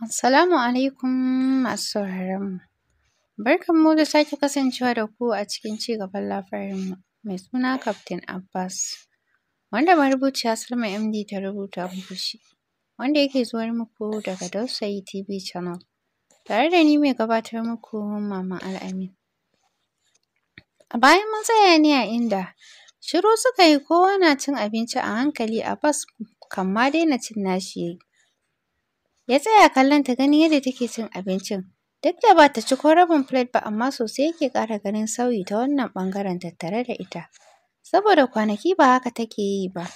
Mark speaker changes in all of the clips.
Speaker 1: Assalamu alaikum masu sauraron mu. Barkan mu da sake kasancewa da ku a cikin cigaban labarin mu mai suna Captain Abbas. Wanda marubuciya Salma MD ta rubuta muku shi. Wanda yake zuwar muku daga Dausayi TV Channel. Tare da ni mai gabatar muku Mama Al'amin. A bayan mun ne a inda shiru suka yi kowa na cin abinci a hankali Abbas kan ma daina cin nashi yayi. Ya tsaya kallon ta gani yadda take cin abincin. Duk da ba ta ci ko rabin plate ba amma sosai yake ƙara ganin sauyi ta wannan ɓangaren tattare da ita. Saboda kwanaki ba haka take yi ba.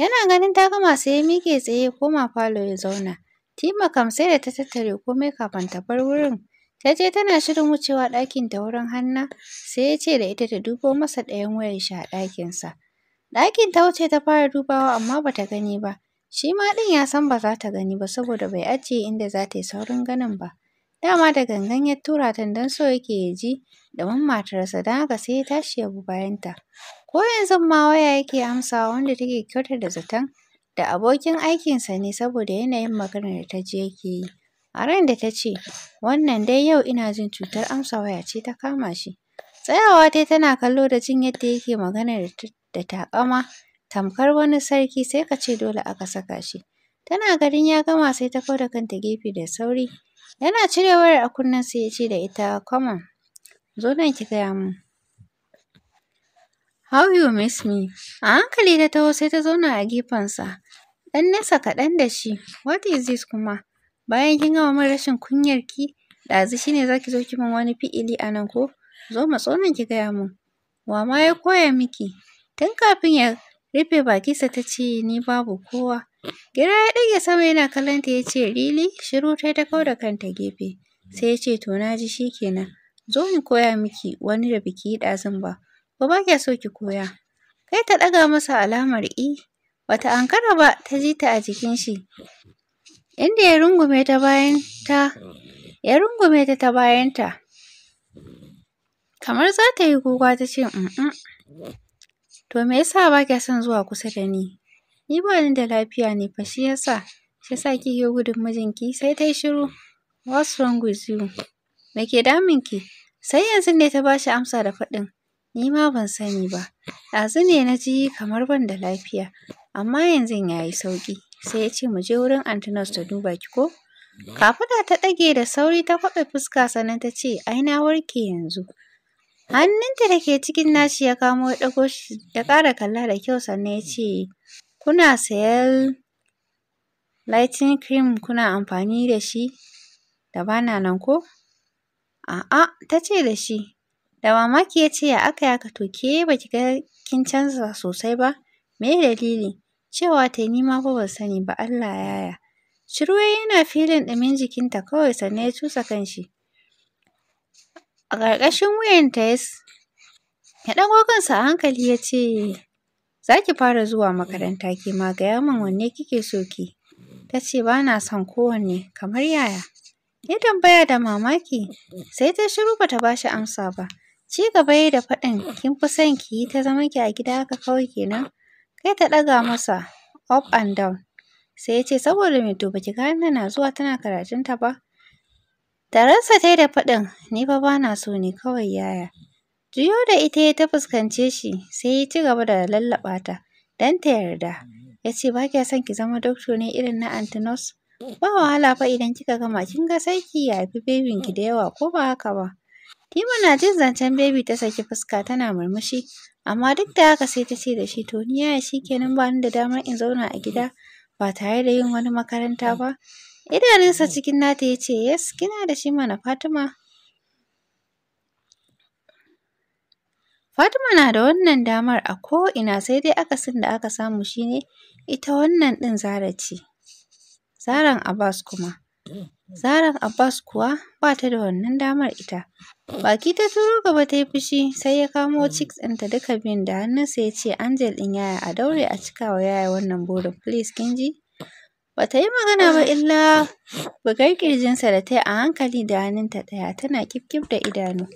Speaker 1: Yana ganin ta gama sai ya miƙe tsaye ya koma falo ya zauna. Tima kam sai da ta tattare komai kafin ta bar wurin. Ta je tana shirin wucewa ɗakin ta wurin Hanna sai ya ce da ita ta dubo masa ɗayan wayar shi a ɗakinsa. Ɗakin ta wuce ta fara dubawa amma bata gani ba. Shi ma ɗin ya san ba za ta gani ba saboda bai ajiye inda za ta yi saurin ganin ba. Dama da gangan ya tura ta don so yake ya ji ɗumin matarsa don haka sai ya tashi ya bi bayanta. Ko yanzu ma waya yake amsawa wanda take kyautar da zaton da abokin aikinsa ne saboda yanayin maganar da ta ji yake yi. A ran da ta ce, wannan dai yau ina jin cutar amsa waya ce ta kama shi. Tsayawa tai tana kallo da jin yadda yake maganar da taƙama tamkar wani sarki sai ka ce dole aka saka shi. Tana garin ya gama sai ta kauda kanta gefe da sauri. Yana cire wayar a kunnensa ya ce da ita come zo nan ki gaya min. How you miss me? A hankali da taho sai ta zauna a gefensa. Ɗan nesa kaɗan da shi. What is this kuma? Bayan kin gama min rashin kunyarki, ɗazu shi ne za ki zo ki min wani fi'ili a nan ko? Zo matso nan ki gaya min. Wa ma ya koya miki? Tun kafin ya Rufe bakinsa ta ce, Ni babu kowa. Gira ya ɗage sama yana kallon ta ya ce, Rili? Shiru ta ta kau da kanta gefe. Sai ya ce, To na ji shi kenan. Zo in koya miki wani da biki yi ɗazun ba. Ko ba kya so ki koya? Kai ta ɗaga masa alamar i. E, Bata ankara ba ta ji ta a jikin shi. Inda ya rungume ta bayan ta, ya rungume ta ta bayan ta. Kamar za ta yi kuka ta ce, To me yasa ba kya son zuwa kusa da ni? Ni ba ni da lafiya ne fa shi yasa. Shi yasa kike gudun mijinki? Sai ta shiru. What's wrong with you? Me ke damun ki? Sai yanzu ne ta bashi amsa da faɗin. Ni ma ban sani ba. Ɗazu ne na ji kamar ban da lafiya. Amma yanzu ya yi sauƙi. Sai ya ce mu je wurin Aunty ta duba ki ko? kafada ta ɗage da sauri ta kwaɓe fuska sannan ta ce ai na warke yanzu. Hannunta da ke cikin nashi ya kamo ya ɗago shi ya ƙara kalla da kyau sannan ya ce, Kuna sayan lighting cream kuna amfani da shi da ba nan ko? A'a, ta ce da shi. Da mamaki ya ce ya aka yi haka to ke ba ki ga kin canza sosai ba? Me dalili? Cewa ta ni ma fa ban sani ba Allah ya yaya. Shiru yana filin ɗumin jikinta kawai sannan ya cusa kanshi. a ƙarƙashin wuyanta ya ya ɗago kansa a hankali ya ce za ki fara zuwa makaranta ke ma gaya min wanne kike so ki ta ce ba na son kowanne kamar yaya ya tambaya da mamaki sai ta shiru ba ta ba shi amsa ba ci gaba yayi da faɗin kin fi son ki yi ta zaman ki a gida haka kawai kenan kai ta ɗaga masa up and down sai ya ce saboda me to ba ki gane na zuwa tana karatunta ba Taransa tai da faɗin, ni fa ba so ne kawai yaya. Juyo da ita ya ta fuskance shi sai ya ci gaba da lallaɓa ta don ta yarda. Ya ce ba kya son ki zama doctor ne irin na antinos? Ba wahala fa idan kika gama kin ga sai ya haifi babin ki da yawa ko ba haka ba. Tima na jin zancen baby ta saki fuska tana murmushi amma duk da haka sai ta ce da shi to ni yaya shikenan ba ni da damar in zauna a gida ba tare da yin wani makaranta ba. Idanunsa cikin nata ya ce, Yes, kina da shi mana Fatima. Fatima na da wannan damar a ko'ina sai dai akasin da aka samu shi ne ita wannan din Zara ce, Zaran Abbas kuma. Zaran Abbas kuwa ba ta da wannan damar ita. Baki ta turo gaba ta yi fushi sai ya kamo chicks ɗinta duka biyun da hannunsa ya ce Angel ɗin yaya a daure a cika wa yaya wannan burin please kin ji? Bata yi magana ba illa bugar kirjinsa da ta yi a hankali da hannunta ɗaya tana ƙifƙif da idanu.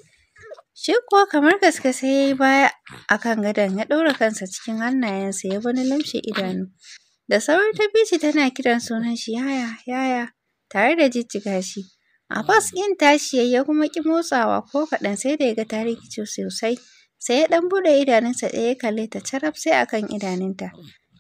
Speaker 1: Shi kuwa kamar gaske sai ya yi baya a kan gadon ya ɗaura kansa cikin hannayensa ya wani lamshe idanu. Da sauri ta bici tana kiran sunan shi yaya yaya tare da jijjiga shi. Abbas ɗin tashi ya kuma ƙi motsawa ko kaɗan sai da ya ga ta rikice sosai. Sai ya ɗan buɗe idanunsa ɗaya ya kalle ta carab sai kan idanunta.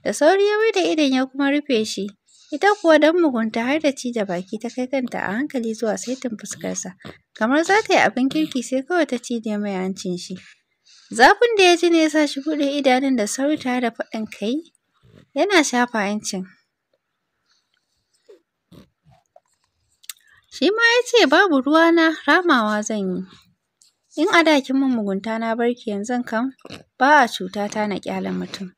Speaker 1: Da sauri ya maida idon ya kuma rufe shi. Ita kuwa don mugunta har da ci da baki ta kai kanta a hankali zuwa saitin fuskarsa. Kamar za ta yi abin kirki sai kawai ta ci ya mai hancin shi. Zafin da ya ji ne ya sa shi buɗe idanun da sauri tare da faɗin kai. Yana shafa hancin. Shi ma ya ce babu na ramawa zan yi. In a da kin min mugunta na barki yanzu kam ba a cuta ta na ƙyale mutum.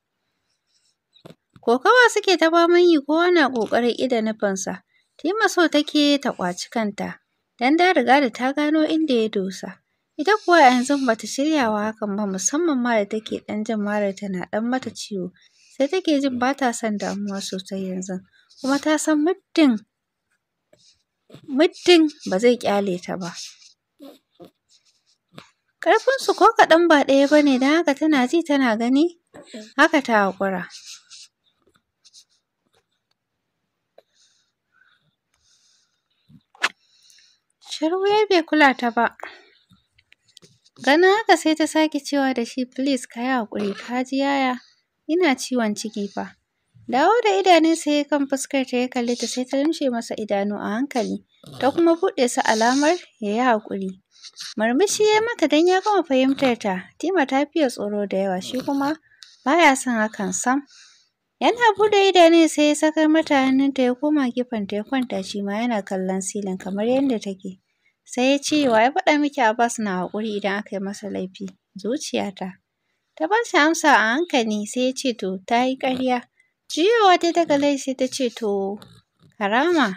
Speaker 1: Kokawa suke ta faman yi kowa na ƙoƙarin ida nufinsa. Tima so take ta ƙwaci kanta, don da riga da ta gano inda ya dosa. Ita kuwa yanzu ba ta shirya hakan ba musamman ma da take ɗan jin marar tana ɗan mata ciwo. Sai take jin ba ta son damuwa sosai yanzu, kuma ta san muddin muddin ba zai ƙyale ta ba. Ƙarfinsu ko kaɗan ba ɗaya ba ne don haka tana ji tana gani haka ta haƙura. Shiru yayi bai kula ta ba. Ganin haka sai ta sake cewa da shi please ka yi haƙuri ka ji yaya ina ciwon ciki fa. Dawo da idanunsa ya kan fuskar ta ya kalle ta sai ta lumshe masa idanu a hankali ta kuma buɗe su alamar ya yi haƙuri. Murmushi ya yi mata don ya gama fahimtar ta. Tima ta fiye tsoro da yawa shi kuma baya son hakan sam. Yana buɗe idanun sai ya sakar mata hannunta ya koma ta ya kwanta shi ma yana kallon silin kamar yadda take. Sai ya ce wa ya faɗa miki Abbas na haƙuri idan aka yi masa laifi? Zuciyata. Ta ba shi amsa a hankali sai ya ce to ta yi ƙarya. jiyowa ta daga lai sai ta ce to Karama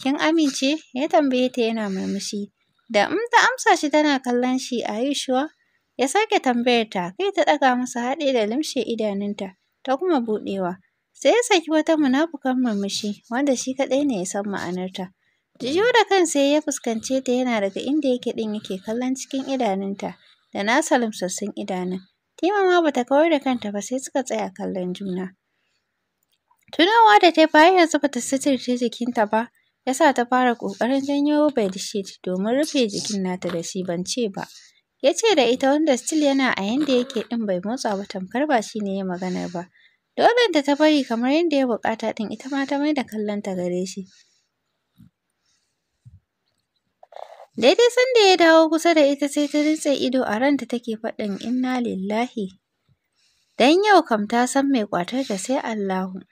Speaker 1: kin amince? Ya tambaye ta yana murmushi. Da in ta amsa shi tana kallon shi a yi shuwa. ya sake tambayar ta kai ta ɗaga masa haɗe da limshe idanunta ta kuma buɗewa. Sai ya saki wata munafukan murmushi wanda shi kaɗai ne ya san ma'anarta. Jiyo da sai ya fuskance ta yana daga inda yake ɗin yake kallon cikin idanunta da nasa lumsassun idanun. Tima ma bata kawar da kanta ba sai suka tsaya kallon juna. Tunawa da ta bayan yanzu bata suturce jikinta ba ya sa ta fara ƙoƙarin janyo bedsheet domin rufe jikin nata da shi ban ce ba. Ya ce da ita wanda still yana a yanda yake ɗin bai motsa ba tamkar ba shi ne ya maganar ba. Dolenta ta bari kamar yadda ya buƙata ɗin ita ma ta maida kallonta gare shi. Daidai sanda ya dawo kusa da ita sai ta rintse ido a ranta take faɗin inna lillahi. Dan yau kam ta san mai ƙwatar ta sai Allahu.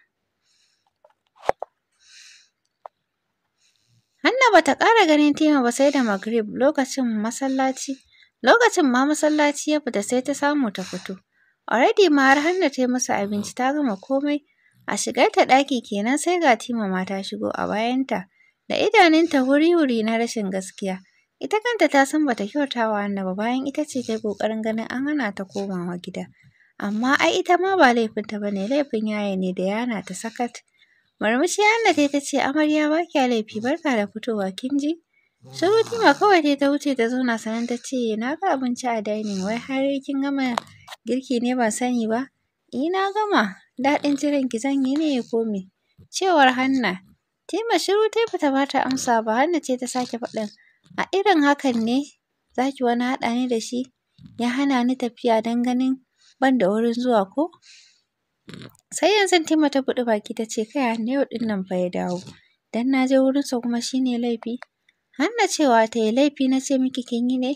Speaker 1: Hanna bata ƙara ganin Tima ba sai da magrib lokacin masallaci. Lokacin ma masallaci ya fita sai ta samu ta fito. Already ma har Hanna ta yi musu abinci ta gama komai. A shigarta ɗaki kenan sai ga Tima ma ta shigo a bayanta. Da idanunta wuri-wuri na rashin gaskiya. Ita kanta ta san bata kyauta wa Hanna ba bayan ita ce ta yi ƙoƙarin ganin an hana ta komawa gida. Amma ai ita ma ba laifinta ba ne, laifin yaya ne da yana ta sakat. Marmashi Hanna dai ta ce amarya ba kya laifi barka da fitowa kin ji. ma kawai dai ta wuce ta zauna sannan ta ce na ga abinci a dining wai har kin gama girki ne ban sani ba. Eh na gama daɗin jiran ki zan yi ne ko me? Cewar Hanna. Tima shiru ta fita bata amsa ba Hanna ce ta sake faɗin A irin hakan ne za ki wani haɗa ni da shi ya hana ni tafiya don ganin ban da wurin zuwa ko? Sai yanzu Tima ta buɗe baki ta ce kai na yau ɗin nan fa ya dawo. Dan na je wurinsa kuma shi ne laifi. Hanna cewa ta yi laifi na ce miki kin yi ne?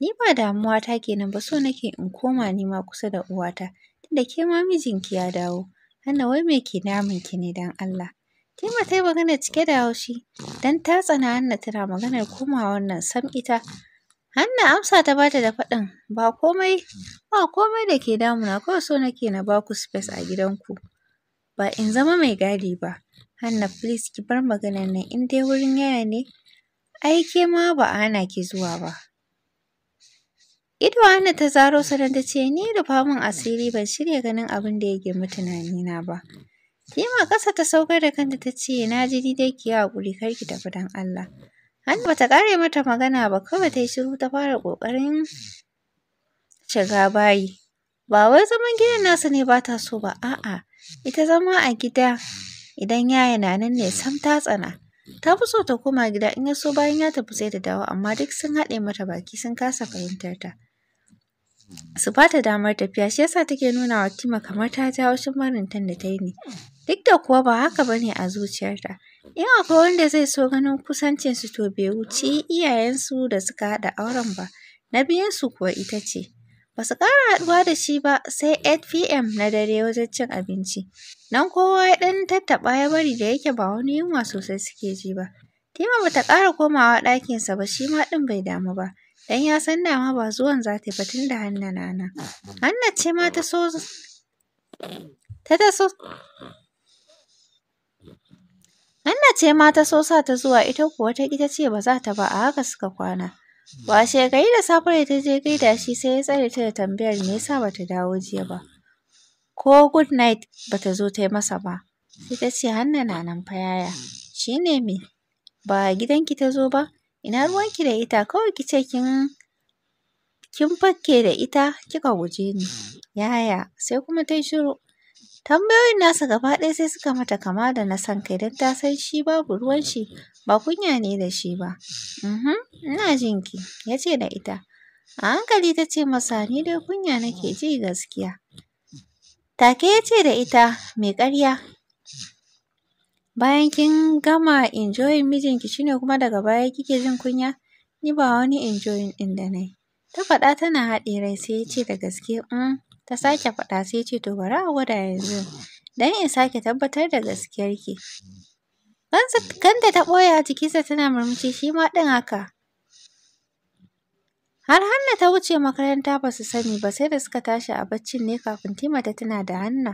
Speaker 1: Ni ba damuwa ta kenan ba so nake in koma ni ma kusa da uwata tunda ke ma mijinki ya dawo. Hanna wai me ke damun ki ne don Allah? Kima ta yi magana cike da haushi dan tatsana tsana Hanna tana maganar komawa wannan sam ita. Hanna amsa ta bata da faɗin ba komai ba komai da ke damuna kawai so nake na baku space a gidanku. Ba in zama mai gadi ba. Hanna please ki bar maganar nan in dai wurin yaya ne ai ke ma ba a hana ki zuwa ba. Ido Hanna ta zaro sanar ta ce ni da famun asiri ban shirya ganin abin da ya mutunani tunanina ba. Tima kasa ta saukar da kanta ta ce, na ji ni dai ki yi haƙuri kar ki tafi don Allah. Hanna bata kare mata magana ba kawai ta yi shiru ta fara ƙoƙarin shiga bayi. Ba wai zaman gidan nasu ne ba ta so ba, a'a, ita zama a gida idan yaya na nan ne sam ta tsana. Ta fi so ta koma gida in ya so bayan ya tafi sai da dawo amma duk sun haɗe mata baki sun kasa fahimtar ta. Su ba ta damar tafiya shi yasa take nuna wa Tima kamar ta jawo shi barintan da ta yi ne. duk da kuwa ba haka ba ne a zuciyarta. In akwai wanda zai so ganin kusancinsu to bai wuce iyayensu da suka haɗa auren ba, na biyunsu kuwa ita ce. Ba su ƙara haɗuwa da shi ba sai 8pm na dare wajen cin abinci, nan kowa ya ɗan tattaɓa ya bari da yake ba wani yunwa sosai suke ji ba. Tima ba ta ƙara komawa ɗakinsa ba shi ma ɗin bai damu ba, Dan ya san dama ba zuwan za ta yi ba tun da Hanna na ce ma ta so ta taso Hannace ce ma ta so sa ta zuwa ita kuwa ta ita ce ba za ta ba a haka suka kwana. Washe gari da safe da ta je gaida shi sai ya tsare ta da tambayar me yasa ba ta dawo jiya ba. Ko good night ba ta zo ta yi masa ba. Sai ta ce Hanna na nan fa yaya. Shi ne me? Ba gidanki ta zo ba? Ina ruwanki da ita kawai ki ce kin kin fakke da ita kika guje ni yaya sai kuma ta yi shiru Tambayoyin nasa gaba ɗaya sai suka mata kama da na san kai don ta san shi babu ruwan shi ba kunya ne da shi ba. "Uhum, ina jin ki," ya ce da ita. A hankali ta ce masa, "Ni dai kunya nake ji gaskiya." Take ya ce da ita, "Mai ƙarya, bayan kin gama enjoying mijinki shine kuma daga baya kike jin kunya? Ni ba wani enjoying ɗin da na yi." Ta faɗa tana haɗe rai sai ya ce da gaske, "Um, Ta sake faɗa sai ce to bari a gwada yanzu. Dan in sake tabbatar da gaskiyar gaskiyarki. Kanta ta ɓoye a jikinsa tana murmushi shi ma ɗin haka. Har Hanna ta wuce makaranta ba su sani ba sai da suka tashi a baccin ne kafin Tima tana da Hanna.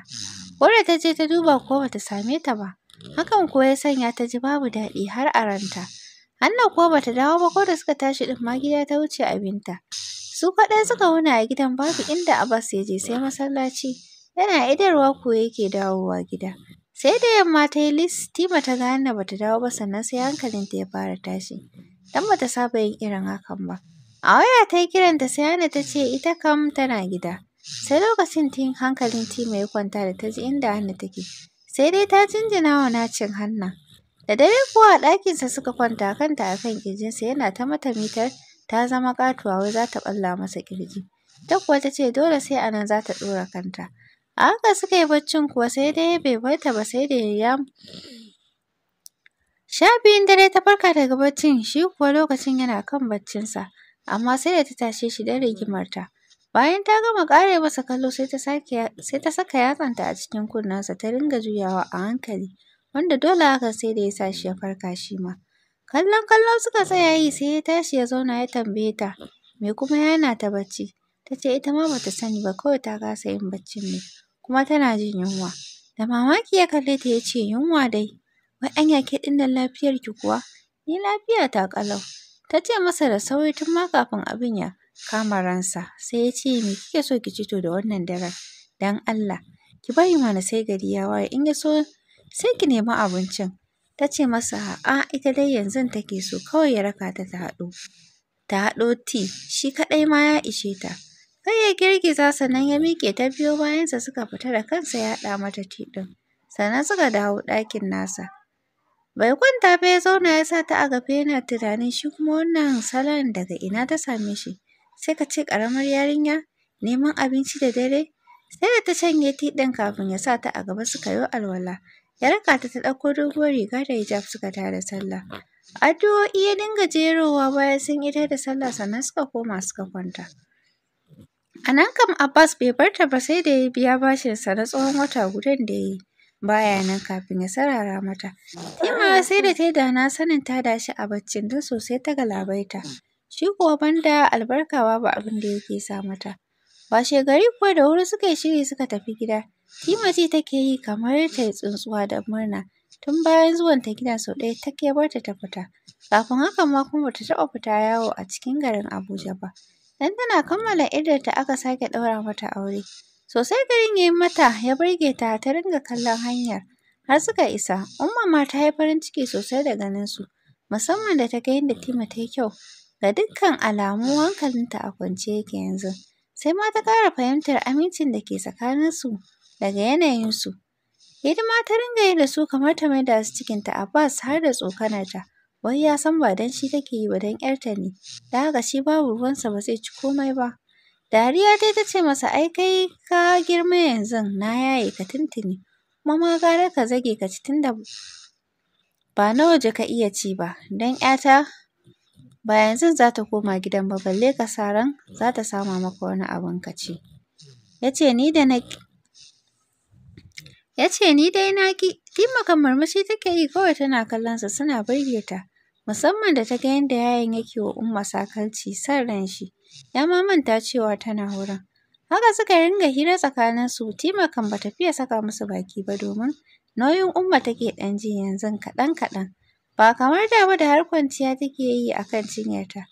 Speaker 1: Wadda ta je ta duba ko bata same ta ba. Hakan kuwa ya sanya ta ji babu daɗi har a ranta. Hanna kuwa bata dawo ba ko da suka tashi ɗin ma gida ta wuce abinta. Su kaɗai suka wuna a gidan babu inda Abbas ya je sai masallaci, yana idarwa ko yake dawowa gida. Sai da yamma ta yi Tima ta gane ba ta dawo ba sannan sai hankalinta ya fara tashi, don ba ta saba yin irin hakan ba. A waya ta yi kiranta sai Hana ta ce ita kam tana gida. Sai lokacin tin hankalin Tima ya kwanta da ta ji inda hannu take. Sai dai ta jinjina wa nacin Hanna. Da dare kuwa a ɗakinsa suka kwanta kanta a kan ƙirjinsa yana ta mata mitar ta zama ƙatuwa wai za ta ɓalla masa ƙirji. Ta kuwa ta ce dole sai a nan za ta ɗora kanta. A haka suka yi baccin kuwa sai dai bai barta ba sai da ya Sha biyun dare ta farka daga baccin shi kuwa lokacin yana kan baccinsa amma sai da ta tashe shi don rigimarta. Bayan ta gama ƙare masa kallo sai ta saka yatsanta a cikin kunnensa ta ringa juyawa a hankali wanda dole haka sai da ya sa shi ya farka shi ma. Kallon kallon suka tsaya yi sai ya tashi ya zauna ya tambaye ta me kuma yana ta bacci. Ta ce ita ma bata sani ba kawai ta kasa yin baccin ne kuma tana jin yunwa. Da mamaki ya kalle ta ya ce yunwa dai wai anya ke ɗin nan lafiyarki kuwa? Ni lafiya ta ƙalau. Ta ce masa da sauri tun ma kafin abin ya kama ransa sai ya ce me kike so ki ci to da wannan daren don Allah ki bari mana sai gari ya waye in ya so sai ki nemi abincin Ta ce masa a'a ita dai yanzu take so kawai ya raka ta ta haɗo. Ta haɗo ti shi kaɗai ma ya ishe ta. sai ya girgiza sannan ya miƙe ta biyo bayansa suka fita da kansa ya haɗa mata tiɗin, ɗin. Sannan suka dawo ɗakin nasa. Bai kwanta ba ya zauna ya sa ta a gaba yana tunanin shi kuma wannan salon daga ina ta same shi. Sai ka ce ƙaramar yarinya neman abinci da dare. Sai da ta shanye tiɗin ɗin kafin ya sa ta a gaba suka yo alwala. Ya raka ta ta ɗauko doguwar riga da hijab suka da sallah. Addu'o'i ya dinga jerowa bayan sun yi da sallah sannan suka koma suka kwanta. A nan kam Abbas bai bar ta ba sai da ya biya bashinsa na tsawon wata gudan da ya yi. Baya nan kafin ya sarara mata. Tima sai da ta yi da na sanin ta da shi a baccin don sosai ta galabaita. Shi kuwa banda albarka babu abin da yake sa mata. Washe gari kuwa da wuri suka yi shiri suka tafi gida. Timothy take yi kamar ta yi tsuntsuwa da murna. Tun bayan zuwan ta gida sau ɗaya ta kebar barta ta fita. Kafin haka ma kuma bata taɓa fita yawo a cikin garin Abuja ba. Dan tana kammala ta aka sake ɗaura mata aure. Sosai garin ya yi mata ya burge ta ta ringa kallon hanyar. Har suka isa, Umma ma ta yi farin ciki sosai da ganin su. Musamman da ta ga yadda Tima ta yi kyau. Ga dukkan alamu hankalinta a kwance yake yanzu. Sai ma ta ƙara fahimtar amincin da ke tsakaninsu daga yanayin su. Hidima ta ringa yi da su kamar ta maida su cikinta Abbas har da tsokanarta. Wai ya san ba don shi take yi ba don ‘yarta ne, da haka shi babu ruwansa ba zai ci komai ba. Dariya dai ta ce masa ai kai ka girma yanzu na yaye ka tuntuni, kuma ma gara ka zage ka ci tunda ba na waje ka iya ci ba, don ‘yata ba yanzu za ta koma gidan ba balle ka sa ran za ta sama maka wani abin ka ci. Ya ce ni da na Ya ce, Ni dai na ki, kima kan murmushi take yi kawai tana kallon sa suna birge ta. Musamman da ta ga yadda yayan yake wa Umma sakalci san ran shi. Ya ma manta cewa tana wurin. Haka suka ringa hira tsakaninsu. Tima kan ta fiye saka musu baki ba domin nauyin Umma take ɗan ji yanzu kaɗan-kaɗan. Ba kamar da ba da har kwanciya take yi a kan cinyarta.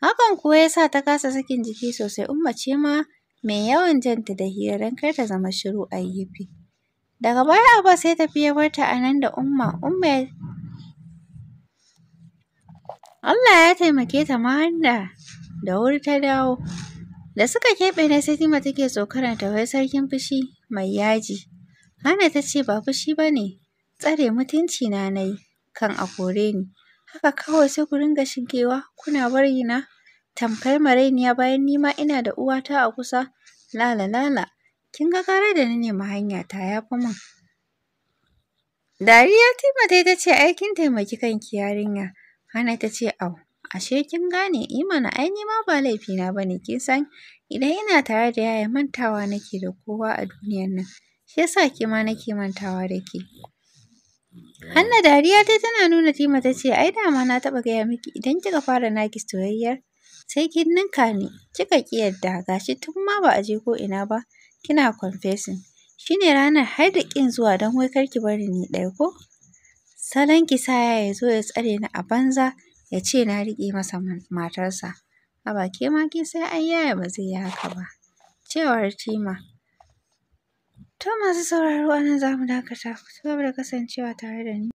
Speaker 1: Hakan kuwa ya sa ta kasa sakin jiki sosai. Umma ce ma mai yawan janta da hira don kar ta zama shiru a Daga baya ba sai tafi ya barta a nan da Umma. Umma Allah ya taimake ta ma da wuri ta dawo. Da suka keɓe ne Fatima take tsokanar ta wai sarkin fushi mai yaji. Hana ta ce ba fushi ba ne, tsare mutunci na na kan a kore ni. Haka kawai sai ku ringa shigewa kuna bari na tamkar marainiya bayan nima ina da uwata a kusa. Lala lala. kin ga gara da na nemi hanyata ya fi min. Dariya Tima mata ta ce ai kin taimaki kanki yarinya. Hana ta ce au, ashe kin gane imana eh ai ni ma ba laifina ba ne kin san idan ina tare da yaya mantawa nake da kowa a duniyan nan. Shi yasa ke ma nake mantawa da ke. Hanna dariya ta tana nuna Tima ta ce ai dama na taɓa gaya miki idan kika fara naki soyayyar sai kin ninka ni kika ki yarda, gashi tun ma ba a je ko ina ba kina confessing, shine ranar har da ƙin zuwa don wai kar ki bari ni ɗaya ko? Salon kisaya ya zo ya tsare ni a banza ya ce na riƙe masa matarsa. A ke ma kin sai ai yaya ba zai yi haka ba. Cewar Tima. To masu sauraro a nan za mu dakata. Ku ci gaba da kasancewa tare da ni.